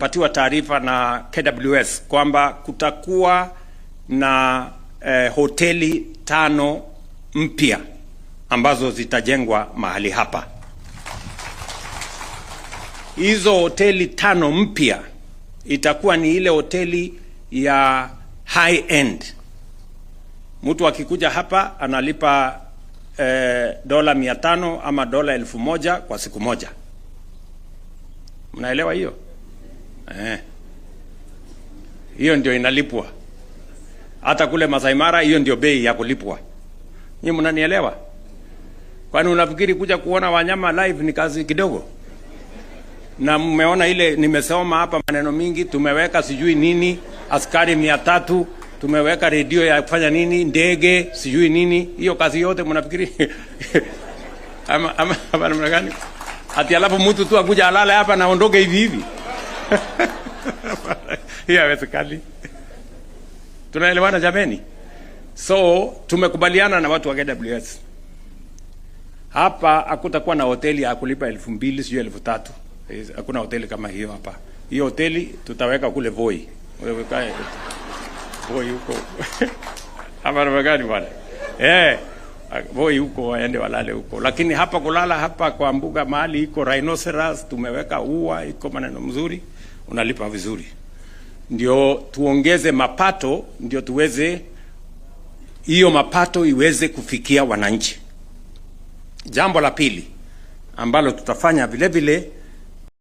Patiwa taarifa na KWS kwamba kutakuwa na eh, hoteli tano mpya ambazo zitajengwa mahali hapa. Hizo hoteli tano mpya itakuwa ni ile hoteli ya high end. Mtu akikuja hapa analipa eh, dola mia tano ama dola elfu moja kwa siku moja. Mnaelewa hiyo? eh. Hiyo ndio inalipwa hata kule Masai Mara, hiyo ndio bei ya kulipwa. Nyie mnanielewa? Kwani unafikiri kuja kuona wanyama live ni kazi kidogo? Na mmeona ile, nimesoma hapa maneno mingi, tumeweka sijui nini, askari mia tatu, tumeweka redio ya kufanya nini, ndege sijui nini. Hiyo kazi yote mnafikiri ama ama, ama namna gani? Ati alafu mtu tu akuja alale hapa naondoke hivi hivi hiyo kali. Tunaelewana jameni? So tumekubaliana na watu wa KWS hapa, hakutakuwa na hoteli ya kulipa elfu mbili sio elfu tatu. Hakuna hoteli kama hiyo hapa. Hiyo hoteli tutaweka kule Voi, Voi huko hapa namagani bwana eh, Voi huko waende walale huko, lakini hapa kulala hapa kwa mbuga mahali iko rhinoceros, tumeweka ua, iko maneno mzuri unalipa vizuri, ndio tuongeze mapato, ndio tuweze hiyo mapato iweze kufikia wananchi. Jambo la pili ambalo tutafanya vile vile